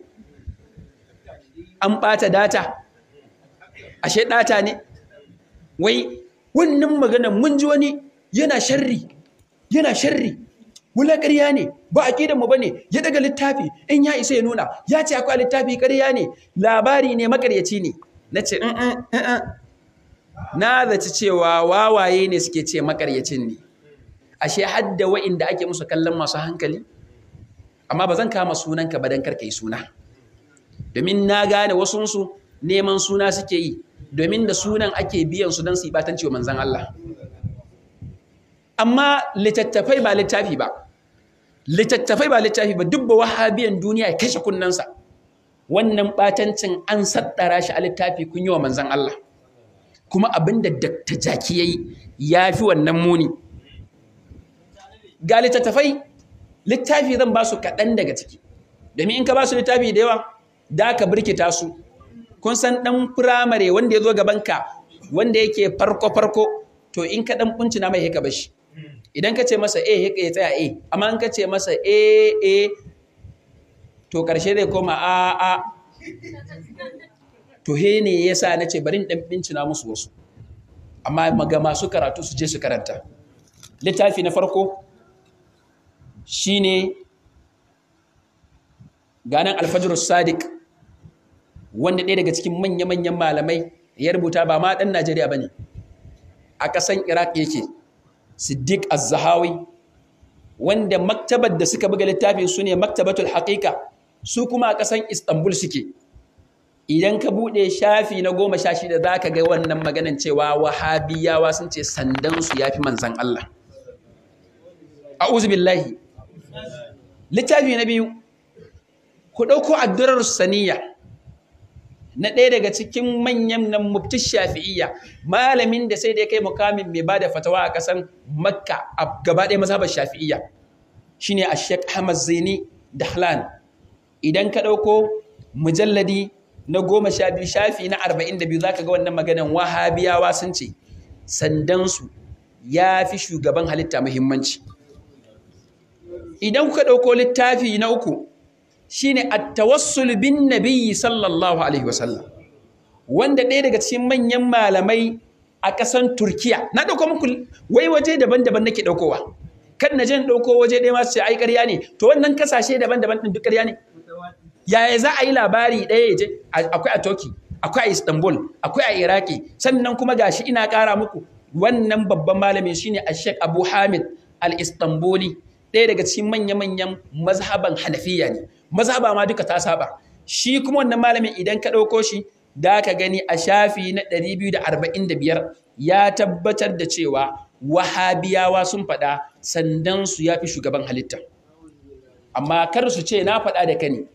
an bata data ashe data ne wai wannan magana mun ji wani yana sharri yana sharri wula ƙarya ne ba a ƙidanmu ba ne ya daga littafi in ya isa ya nuna ya ce akwai littafi ƙarya ne labari ne makaryaci ne na ce mm, mm, mm, na zaci cewa wawaye ne suke ce makaryacin ne ashe hadda wa'inda ake musu kallon masu hankali amma ba zan kama sunanka ba don karka yi suna domin na gane wasunsu neman suna suke yi domin da sunan ake biyan su don su yi wa manzan Allah amma litattafai ba littafi ba littattafai ba littafi ba dubba wahabiyan duniya ya kashe kunnansa wannan batancin an saddara shi a littafi kun yi wa manzan Allah kuma abinda da ta Jaki ya yi ya fi wannan muni ga littattafai littafi zan ba su kaɗan daga ciki domin in ka ba su littafi da yawa da ka birkita su kun san ɗan firamare wanda ya zo gaban ka wanda yake farko farko to in ka ɗan kuncina mai haka bashi idan ka ce masa a haka ya tsaya a amma in ka ce masa a a to ƙarshe zai koma a a to he ne ya sa na ce bari ɗan bincina musu wasu amma ga masu karatu su je su karanta littafi na farko Shi ne ganin alfajr sadiq wanda ɗaya daga cikin manya-manyan malamai ya rubuta ba ma ɗan Najeriya ba ne. a ƙasan Iraq yake Siddiq Az-Zahawi wanda maktabar da suka buga littafin su ne maktabatul haƙiƙa su kuma a ƙasan Istanbul suke idan ka buɗe shafi na goma sha shida za ka ga wannan maganan cewa wahabiyawa sun ce sandansu ya fi manzan Allah. Auzubillahi. billahi littafi na biyu ku ɗauko addurar saniya na ɗaya daga cikin manyan nan mubtis shafi'iyya malamin da sai da ya kai mukamin mai ba da fatawa a ƙasan makka a gaba ɗaya mazhabar shafi'iyya shine a shek zini da dahlan idan ka ɗauko mujalladi na goma sha shafi na arba'in da biyu zaka ga wannan maganan wahabiyawa sun ce sandansu ya fi shugaban halitta muhimmanci idan kuka ɗauko littafi na uku shine a tawassul bin nabiyyi sallallahu alaihi wasallam wanda ɗaya daga cikin manyan malamai a ƙasan Turkiya na ɗauko muku wai waje daban-daban nake ɗaukowa kan na jan ɗauko waje ɗaya masu ce ai ƙarya ne to wannan kasashe daban-daban ɗin duk ƙarya ne yaya za a yi labari ɗaya ya je akwai a Turkey akwai a Istanbul akwai a Iraki sannan kuma gashi ina ƙara muku wannan babban malamin shine a shek Abu Hamid al-Istanbuli ɗaya daga cikin manya-manyan mazhaban hanafiya ne mazhaba ma duka ta saba shi kuma wannan malamin idan ka ɗauko shi da ka gani a shafi na ɗari biyu da da arba'in biyar. ya tabbatar da cewa wahabiyawa sun faɗa sandan su ya fi shugaban halitta amma kar su ce na faɗa da kani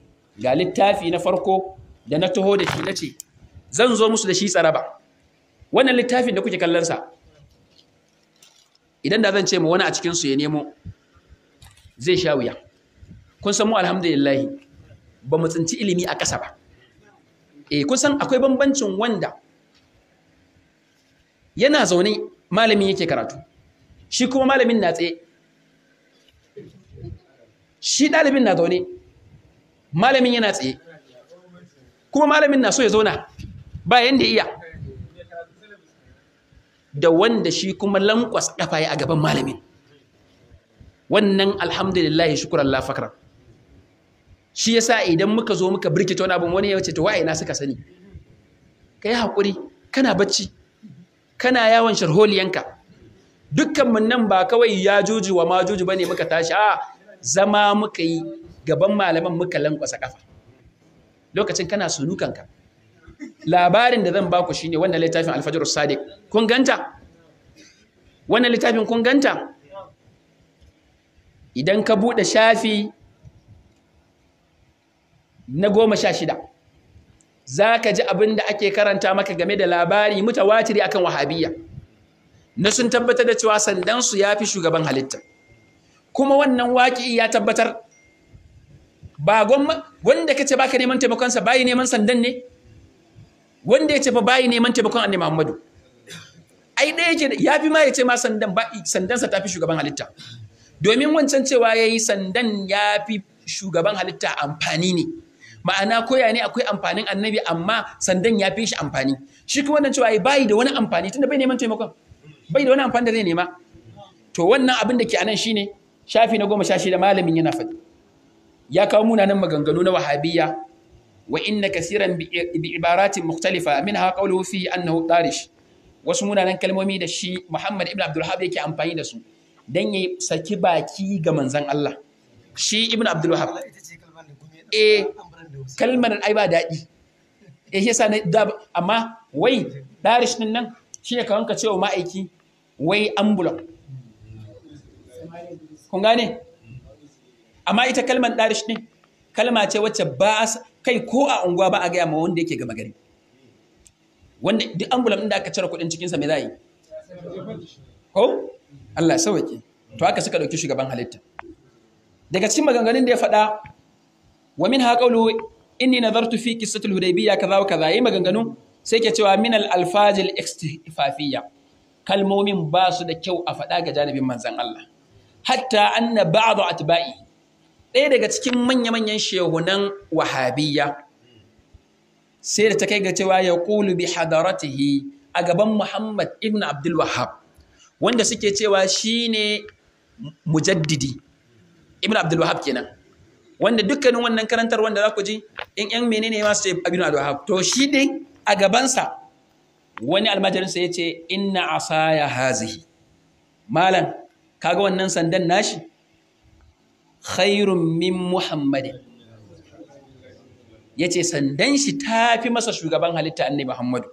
ga littafi na farko da na taho da shi na ce zan zo musu da shi tsaraba wannan littafin da kuke kallonsa idan da zan ce mu wani a cikinsu ya nemo zai sha wuya kun san mu alhamdulillah ba mu tsinci ilimi a ƙasa ba eh kun san akwai bambancin wanda yana zaune malamin yake karatu shi kuma malamin na tsaye shi ɗalibin na zaune malamin yana tsaye kuma malamin na so ya zauna ba yanda iya da wanda shi kuma lankwas kafa ya a gaban malamin wannan alhamdulillah shukran la shi shi sa idan muka zo muka birkita wani abin wani ya ce to na suka sani Ka yi hakuri kana bacci kana yawon sharholiyanka dukkan munnan nan ba kawai ya juji wa ma juji bane muka tashi a zama muka yi gaban malaman muka lankwasa kafa lokacin kana sunukanka labarin da zan baku shine wannan littafin alfajrus sadiq kun ganta wannan littafin kun ganta idan ka buɗe shafi na goma sha shida za ka ji abin da ake karanta maka game da labari mutawatiri akan wahabiyya na sun tabbatar da cewa sandansu ya fi shugaban halitta kuma wannan waƙi ya tabbatar ba wanda ka ce baka neman taimakonsa bayi neman sandan ne wanda ya ce ba bayi neman taimakon annabi Muhammadu ai ɗaya yake ya fi ma ya ce ma sandan ba sandansa ta fi shugaban halitta domin wancan cewa ya yi sandan ya fi shugaban halitta amfani ne ma'ana koya ne akwai amfanin annabi amma sandan ya fi shi amfani shi kuma wannan cewa bayi da wani amfani tunda bai neman taimakon bai da wani amfani da zai nema to wannan abin da ke anan ne? shafi na goma sha shida malamin yana faɗi ya kawo munanan maganganu na wahabiyya wa inna kasiran bi ibaratin mukhtalifa ha qawluhu fi annahu tarish wasu munanan kalmomi da shi Muhammad ibn Abdul yake amfani da su dan ya saki baki ga manzan Allah shi ibn abdul wahab eh kalmar ai ba dadi eh yasa na amma wai darish din nan shi ne kawanka cewa ma'aiki wai ambulan kun gane amma ita kalmar darish din kalma ce wacce ba kai ko a unguwa ba a gaya ma wanda yake gama gari wanda duk ambulan da aka cire kudin cikinsa me za yi ko Allah sauke to haka suka dauki shugaban halitta daga cikin maganganun da ya faɗa wa min haƙaulu inni nazartu fi al hudaybiyya kaza wa kaza yayi maganganu sai ke cewa min al alfajil istifafiyya kalmomin ba su da kyau a faɗa ga janibin manzon Allah hatta anna ba'du atba'i ɗaya daga cikin manya-manyan shehunan wahabiyya sai da ta kai ga cewa ya bi hadaratihi a gaban Muhammad ibn Abdul Wahab wanda suke cewa shine mujaddidi ibn abdul wahab kenan wanda dukkanin wannan karantar wanda za ku ji in yan menene ma su ce ibn abdul wahab to shi ne a gabansa wani almajirinsa sa ce inna asaya hazihi malam kaga wannan sandan nashi khairun min muhammadin ya ce sandan shi ta fi masa shugaban halitta annabi muhammadu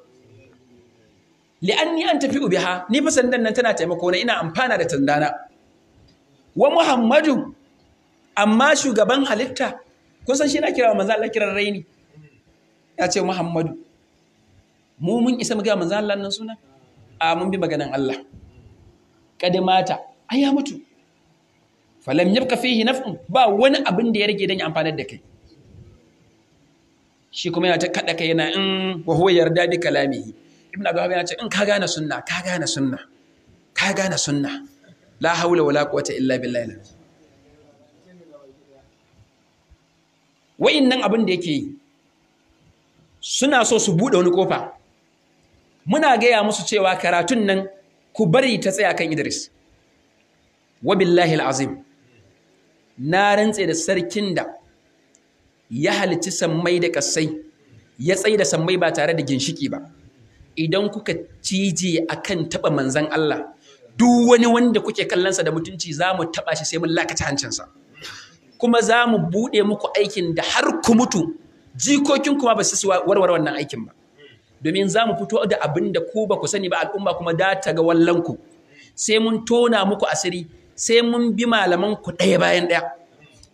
li'anni an tafi ubiha ni fa sandan nan tana taimako na ina amfana da tandana wa muhammadu amma shugaban halitta kun san shi na kira manzo Allah kiran raini ya ce muhammadu mu mun isa mu ga manzo Allah nan suna a mun bi maganan Allah kadimata ai ya mutu falam yabqa fihi naf'un ba wani abin da ya rage dan ya amfanar da kai shi kuma yana ta kada kai yana in mm, wa huwa yarda bi kalamihi ibn abu ya ce in ka gane sunna ka gane sunna ka gane sunna la haula wala quwwata illa billahi nan abin da yake yi suna so su buɗe wani kofa muna gaya musu cewa karatun nan ku bari ta tsaya kan Idris wa billahi alazim na rantse da sarkin da ya halitci sammai da ƙasai, ya tsaye da sammai ba tare da ginshiki ba idan kuka cije akan taɓa manzan Allah duk wani wanda kuke kallonsa da mutunci za mu taba shi sai mun lakaci hancinsa kuma za mu buɗe muku aikin da har ku mutu jikokin kuma ba su warware wannan aikin ba domin za mu fito da abin da ku ba ku sani ba al'umma kuma da ta ga wallanku sai mun tona muku asiri sai mun bi malaman ku ɗaya bayan ɗaya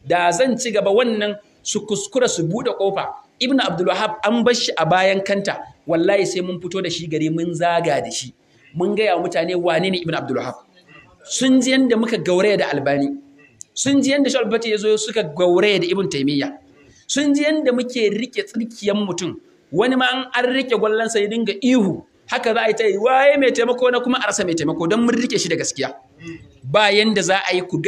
da zan ci gaba wannan su kuskura su buɗe kofa ibnu abdulwahab an bar shi a bayan kanta wallahi sai mun fito da shi gari mun zaga da shi mun gaya mutane wane ne ibn abdul wahab sun ji yanda muka gauraya da albani sun ji yanda shalbat ya zo suka gauraya da ibn taimiyya sun ji yanda muke rike tsirkiyan mutum wani ma an rike gwallansa ya dinga ihu haka za a yi ta yi waye mai taimako na kuma a rasa mai taimako don mun rike shi da gaskiya ba yanda za a yi ku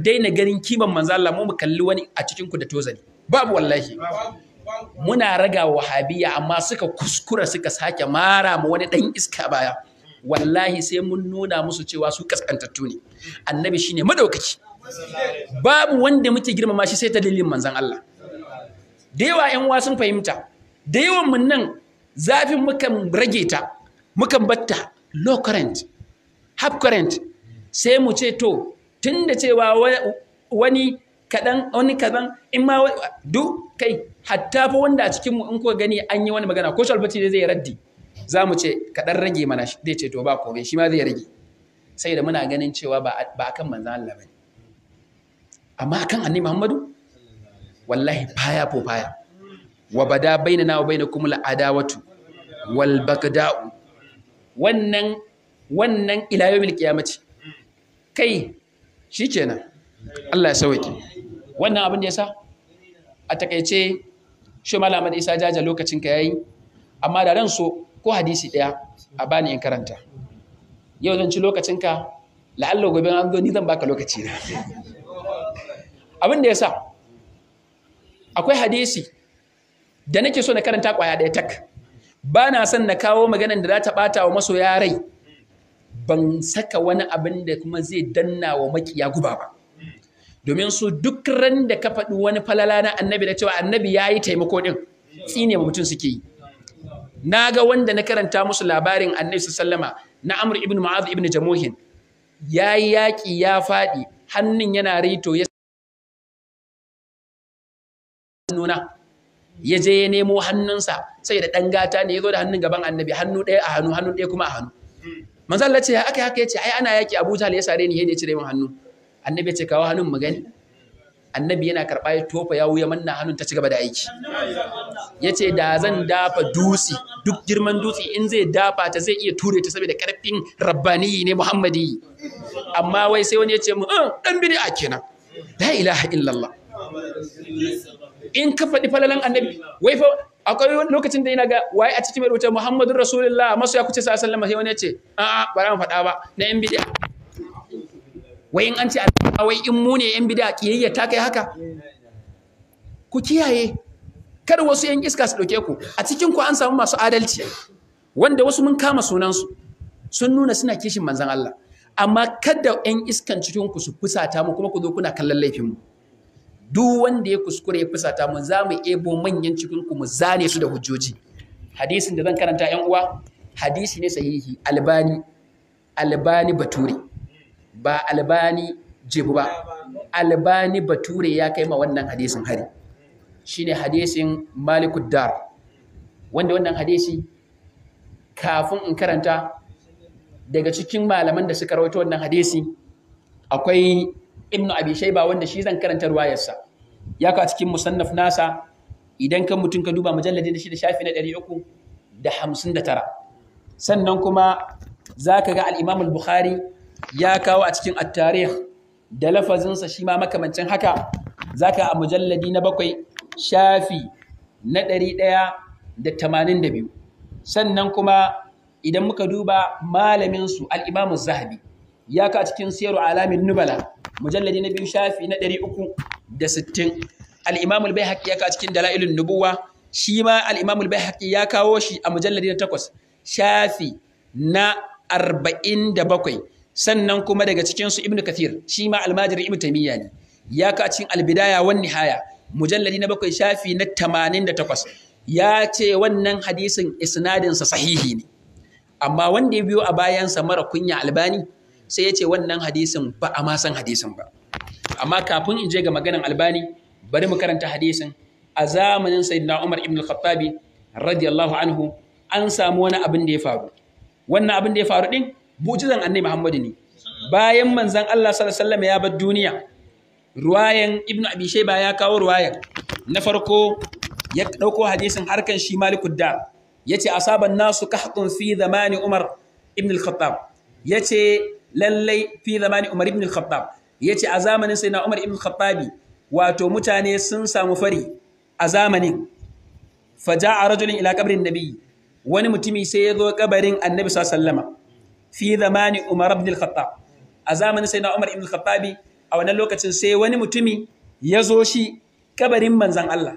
daina ganin kiman manzo Allah mu kalli wani a cikin ku da tozali babu wallahi muna raga wahabiya amma suka kuskura suka sake mara mu wani ɗan iska baya wallahi sai mun nuna musu cewa su kaskantattu ne annabi shine madaukaki babu wanda muke girmama shi sai ta dalilin manzon Allah da yawa ƴan uwa sun fahimta da yawan mun nan zafin mukan rage ta mukan batta low current half current sai mu ce to tunda cewa wani kadan wani kadan in ma duk kai hatta fa wanda a cikin mu in ko gani an yi wani magana ko shalfati zai raddi za mu ce kaɗan rage mana zai ce to ba kome shi ma zai rage sai da muna ganin cewa ba kan manzan Allah ba amma kan annabi Muhammadu wallahi faya fo faya wa bada bainana wa bainakum al adawatu wal bagda'u wannan wannan ila yawmil qiyamati kai shikenan Allah ya sauke wannan abin da yasa a takeice shi malam isa jaja lokacin ka yayi amma da ran so ko hadisi daya a bani in karanta yau zan ci lokacin ka la'alla gobe an zo ni zan baka lokaci na abin da yasa akwai hadisi da nake so na karanta kwaya daya tak ba na son na kawo maganan da za ta bata wa masoya rai ban saka wani abin da kuma zai danna wa makiya guba ba domin su duk ran da ka faɗi wani falala na annabi da cewa annabi ya yi taimako ɗin tsine ma mutum suke yi na ga wanda na karanta musu labarin annabi sallama na amur ibn ma'azu ibn jamuhin ya yi yaƙi ya faɗi hannun yana rito ya nuna ya je ya nemo hannunsa sai da ɗan gata ne ya zo da hannun gaban annabi hannu ɗaya a hannu hannu ɗaya kuma a hannu manzo Allah ce haka haka ya ce ai ana yaƙi Abu Jahl ya sare ni ya cire min hannu annabi ya ce kawo hannun mu gani annabi yana karɓa ya tofa ya wuya manna hannun ta ci gaba da aiki ya ce da zan dafa dusi duk girman dusi in zai dafa ta zai iya ture ta saboda karfin rabbani ne muhammadi amma wai sai wani ya ce mu eh, ɗan bid'a kenan la ilaha illallah in ka faɗi falalan annabi wai fa akwai lokacin da ina ga waye a cikin mai wuta muhammadun rasulullah masu ya kuce sallallahu alaihi wasallam sai wani ya ce a'a ba mu faɗa ba na yan bid'a wai in an ce a wai in mu ne yan bid'a kiyayya ta kai haka ku kiyaye kar wasu yan iska su dauke ku a cikin ku an samu masu adalci wanda wasu mun kama sunan su sun nuna suna kishin manzon Allah amma kada yan iskan cikin ku su fusata mu kuma ku zo kuna kallon laifin mu duk wanda ya kuskure ya fusata mu za mu ebo manyan cikin ku mu zane su da hujjoji hadisin da zan karanta yan uwa hadisi ne sahihi albani albani bature ba albani jibu ba albani bature ya kai ma wannan hadisin hari shine hadisin malikud dar wanda wannan hadisi kafin in karanta daga cikin malaman da suka rawaito wannan hadisi akwai ibnu abi shayba wanda shi zan karanta ruwayarsa ya ka cikin musannaf nasa idan kan mutun ka duba mujalladin da shi da shafi na 359 sannan kuma zaka ga al-imam al-bukhari ya kawo a cikin at da lafazinsa shi ma makamancin haka zaka a mujalladi na bakwai shafi na ɗari ɗaya da tamanin da biyu sannan kuma idan muka duba malaminsu al'imamu zahabi ya a cikin siyarwa alamin nubala mujalladi na biyu shafi na ɗari uku da sittin al'imamul bai haƙi ya a cikin dala'ilun nubuwa shi ma al'imamul bai haƙi ya kawo shi a mujalladi na takwas shafi na arba'in da bakwai sannan kuma daga cikin su ibnu kathir shi ma almajiri ibnu taymiya ne ya ka cikin albidaya wan nihaya mujalladi na bakwai shafi na tamanin da 88 ya ce wannan hadisin isnadin sahihi ne amma wanda ya biyo a bayansa mara kunya albani sai ya ce wannan hadisin ba a ma san hadisin ba amma kafin in je ga maganan albani bari mu karanta hadisin a zamanin sayyidina umar ibn al-khattabi radiyallahu anhu an samu wani abin da ya faru wannan abin da ya faru din mu'jizan annabi Muhammadu ne bayan manzon Allah sallallahu alaihi ya bar duniya ruwayan Ibn abi shayba ya kawo ruwayan na farko ya dauko hadisin harkan shi malikud da a asaban nasu kahqun fi zamani umar ibn al-khattab yace lallai fi zamani umar ibn al-khattab yace a zamanin Saina umar ibn al wato mutane sun samu fari a zamanin a rajulin ila qabrin nabi wani mutumi sai ya zo kabarin annabi sallallahu alaihi fi zamani Umar ibn al-Khattab a zamanin sayyidina Umar ibn al-Khattabi a wannan lokacin sai wani mutumi ya zo shi kabarin manzan Allah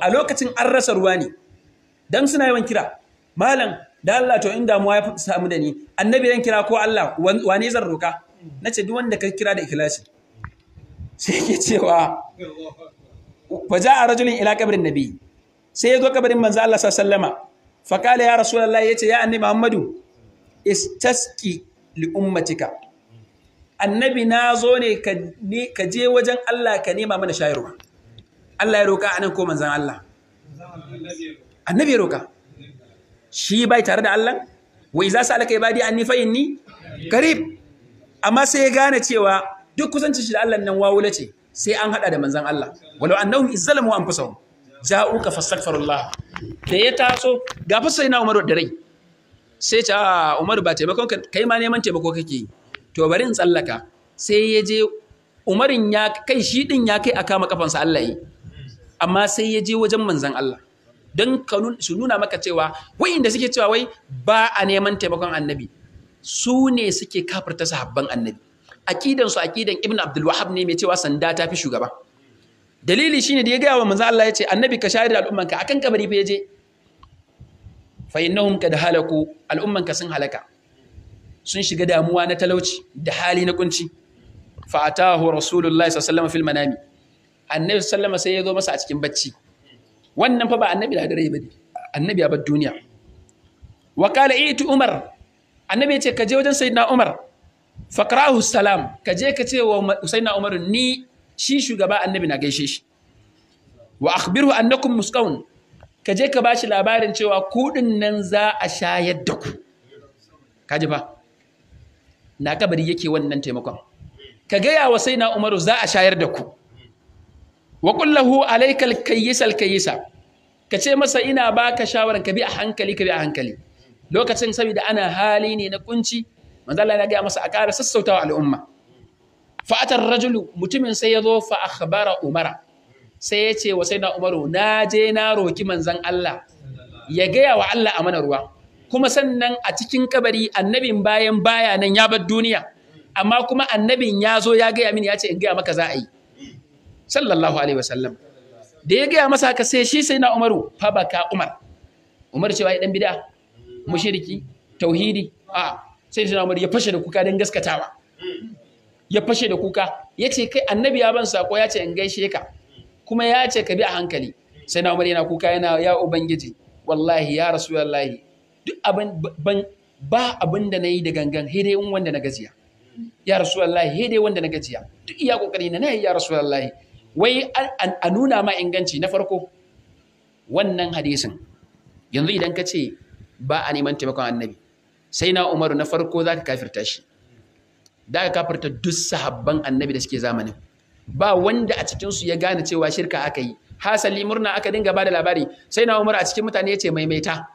a lokacin an rasa ruwa ne dan suna yawan kira malam da Allah to in damuwa ya samu da ni annabi zan kira ko Allah wane zan roka nace duk wanda ka kira da ikhlasi sai ke cewa faja a rajulin ila kabarin nabi sai ya zo kabarin manzon Allah sallama fa kala ya rasulullahi yace ya annabi Muhammadu istaski li ummatika annabi na zo ne ka je wajen Allah ka nema mana shayarwa Allah ya roka anan ko manzan Allah annabi ya roka shi bai tare da Allah wa iza sa'alaka ibadi anni fa inni qarib amma sai ya gane cewa duk kusancin shi da Allah nan wawula ce sai an hada da manzan Allah walau annahum izzalamu anfusahum ja'uka fastaghfirullah da ya taso ga fa sai na Umar da rai sai ce a Umaru ba taimakon kai ma neman taimako kake to bari in tsallaka sai ya je Umarin ya kai shi din ya kai a kama kafansa Allah yi amma sai ya je wajen manzan Allah don su nuna maka cewa wa'inda suke cewa wai ba a neman taimakon annabi su ne suke kafirta sahabban annabi akidan su akidan ibn abdul wahab ne mai cewa sanda ta fi shugaba dalili shine da ya gaya wa manzan Allah ya ce annabi ka shahidar al'ummanka akan kabari fa yaje fa innahum da halaku al'umman sun halaka sun shiga damuwa na talauci da hali na kunci fa atahu rasulullahi sallallahu fil manami annabi sallama sai ya zo masa a cikin bacci wannan fa ba annabi da dare ba annabi ya bar duniya wa qala itu umar annabi ya ce ka je wajen sayyidina umar faqrahu salam ka je ka ce wa sayyidina umar ni shi shugaba annabi na gaishe shi wa akhbiru annakum musqaun ka je ka bashi labarin cewa kuɗin nan za a shayar da ku kaji fa na kabari yake wannan taimakon ka gaya wa sai na umaru za a shayar da ku wa kullahu alaikal kayyisal kayyisa ka ce masa ina baka shawarar ka bi a hankali ka bi a hankali lokacin saboda ana hali ne na kunci manzo na gaya masa a ƙara sassautawa al'umma Fatan rajulu mutumin sai ya zo fa akhbara umara sai ya ce wa sai na umaru na je na roki manzan Allah ya gaya wa Allah a mana ruwa kuma sannan a cikin kabari annabin bayan baya nan ya bar duniya amma kuma annabin ya zo ya gaya mini ya ce in gaya maka za a yi sallallahu alaihi wasallam da ya gaya masa haka sai shi sai na umaru fa baka umar umar cewa ya dan bid'a mushriki tauhidi a sai sai na umaru ya fashe da kuka dan gaskatawa ya fashe da kuka yace kai annabi ya ban sako ya ce in gaishe ka kuma ya ce ka bi a hankali sai na umar yana kuka yana ya ubangiji wallahi ya wallahi duk abin ba abin da yi da gangan hede in wanda na gajiya ya wallahi hede wanda na gajiya duk iya kokari na nayi ya wallahi wai a nuna ma inganci na farko wannan hadisin yanzu idan ka ce ba a neman taimakon annabi sai na umaru na farko za ka kafirta shi da ka kafirta duk sahabban annabi da suke zamanin ba wanda a cikinsu ya gane cewa shirka aka yi hasali murna aka dinga ba da labari sai na umar a cikin mutane ya ce maimaita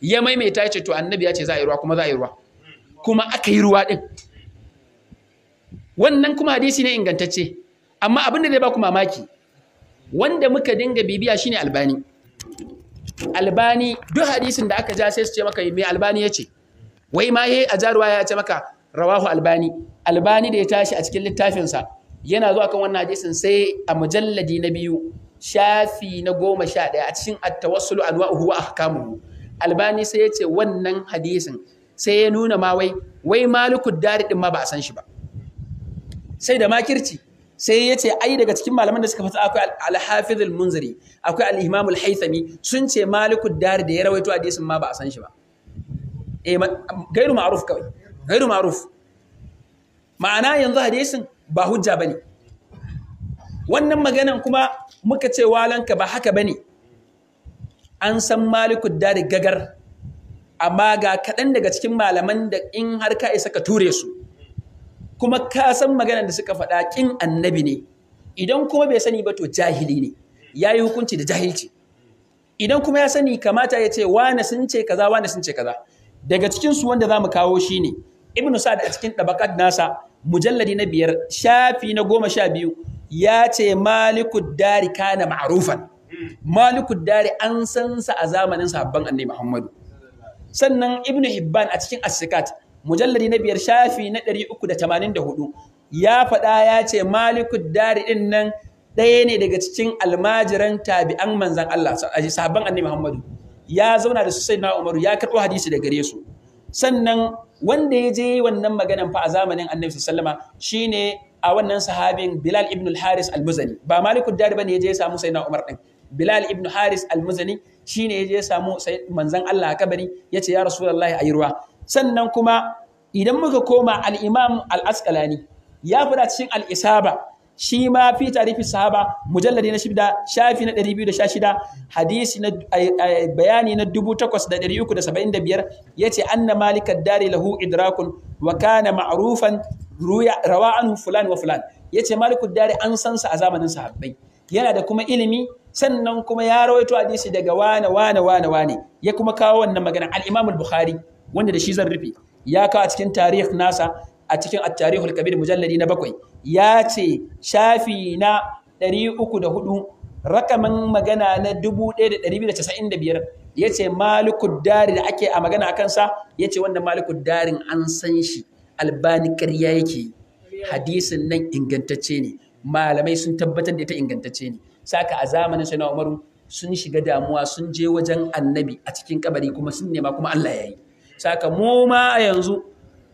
ya maimaita ya ce to annabi ya ce za a yi ruwa kuma za a yi ruwa kuma aka yi ruwa din wannan kuma hadisi ne ingantacce amma abin da zai ba ku mamaki wanda muka dinga bibiya shine albani albani duk hadisin da aka ja sai su ce maka mai albani ya ce wai ma yayi a jaruwa ya ce maka rawahu albani albani da ya tashi a cikin littafinsa yana zuwa kan wannan hadisin sai a mujalladi na biyu shafi na goma sha ɗaya a cikin attawassulu anwa'uhu wa ahkamuhu albani sai ya ce wannan hadisin sai ya nuna ma wai wai malikud dari din ma ba a san shi ba sai da makirci sai ya ce ai daga cikin malaman da suka fasa akwai al-hafiz akwai al-imam sun ce malikud dari da ya rawaito hadisin ma ba a san shi ba eh gairu ma'ruf kawai gairu ma'ruf ma'ana yanzu hadisin ba hujja ba ne. wannan maganan kuma muka ce walanka ba haka bane an san malikud da gagar amma ga kaɗan daga cikin malaman da in har ka isa ka ture su kuma ka san maganar da suka faɗa ƙin annabi ne idan kuma bai sani ba to jahili ne ya yi hukunci da jahilci idan kuma ya sani kamata ya ce wane sun ce kaza wane sun ce kaza daga cikinsu wanda za mu kawo shi ne ibnu sa'ad a cikin ɗabakat nasa mujalladi na biyar shafi na goma sha biyu ya ce malikud dari kana ma'arufan malikud dari an san sa a zamanin sahabban annabi muhammadu sannan ibnu hibban a cikin asikat mujalladi na biyar shafi na 384 ya faɗa ya ce malikud dari din nan ɗaya ne daga cikin almajiran tabi'an manzan Allah sahabban annabi muhammadu ya zauna da su sai na umaru ya karɓo hadisi da gare su sannan wanda ya je wannan maganan fa a zamanin annabi sallama shine a wannan sahabin bilal ibn haris al-muzani ba malikud ba ne ya je ya samu sayyidina umar din bilal ibn haris al-muzani shine ya je ya samu manzon Allah a kabari Ya ce ya rasulullahi ayi ruwa sannan kuma idan muka koma al-imam al-asqalani ya da cikin al-isaba shi ma fi tarifi sahaba mujalladi na shida shafi na shida, hadisi na bayani na 8375 yace anna malikad dari lahu idrakun wa kana ma'rufan rawa anhu fulan wa fulan yace malikud dari an san sa a zamanin sahabbai yana da kuma ilimi sannan kuma ya rawaito hadisi daga wane wane wane wane ya kuma kawo wannan magana al-Imam bukhari wanda da shi zan rufe ya kawo a cikin tarihi nasa a cikin attarihul kabir mujalladi na bakwai ya ce shafi na 304 rakamin magana na 1295 ya ce malikud dari da ake a magana a kansa ya ce wanda malikud darin an san shi albani karya yake hadisin nan ingantacce ne malamai sun tabbatar da ita ingantacce ne saka a zamanin sai na umaru sun shiga damuwa sun je wajen annabi a cikin kabari kuma sun nema kuma Allah ya yi saka mu ma a yanzu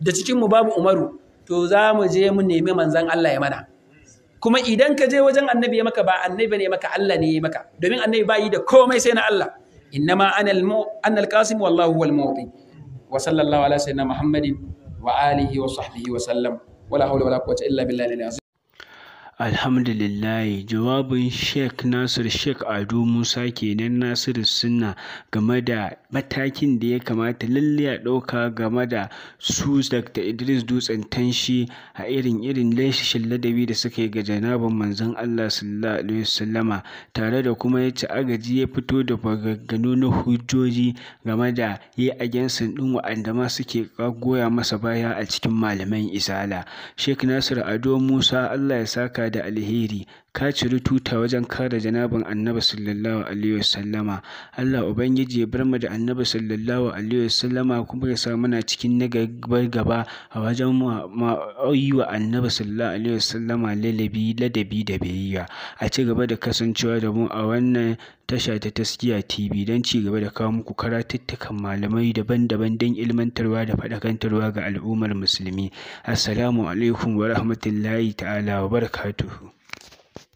da cikinmu babu umaru to za mu je mu nemi manzan Allah ya mana kuma idan ka je wajen annabi ya maka ba annabi ne maka Allah ne ya maka domin annabi ba yi da komai sai na Allah innama anal anal qasim wallahu wal mu'ti wa sallallahu ala sayyidina muhammadin wa alihi wa sahbihi wa sallam wala hawla wala quwwata illa billahi al Alhamdulillahi, jawabin Sheikh Nasir Sheikh Ado Musa kenan Nasiru Sunna game da matakin da ya kamata lalle a ɗauka game da su Dr. Idris Dutsen Tanshi a irin irin laishin ladabi da suka yi ga janabin manzon Allah sallallahu alaihi wasallama tare da kuma yace agaji ya fito da fagagganu na hujjoji game da yi agensin ɗin wa'anda ma suke goya masa baya a cikin malaman isala. Sheikh Nasir Ado Musa Allah ya saka da alheri ka ciri tuta wajen kare janabin annabi sallallahu alaihi wasallama Allah ubangiji ya bar mu da annabi sallallahu alaihi wasallama kuma ya sa muna cikin nagabar gaba a wajen yi wa annabi sallallahu alaihi wasallama ladabi ladabi da biyayya a ci gaba da kasancewa da mu a wannan tasha ta taskiya tv don ci gaba da kawo muku karatuttukan malamai daban-daban don ilmantarwa da faɗakantarwa ga al'ummar musulmi assalamu alaikum wa rahmatullahi ta'ala wa barakatuhu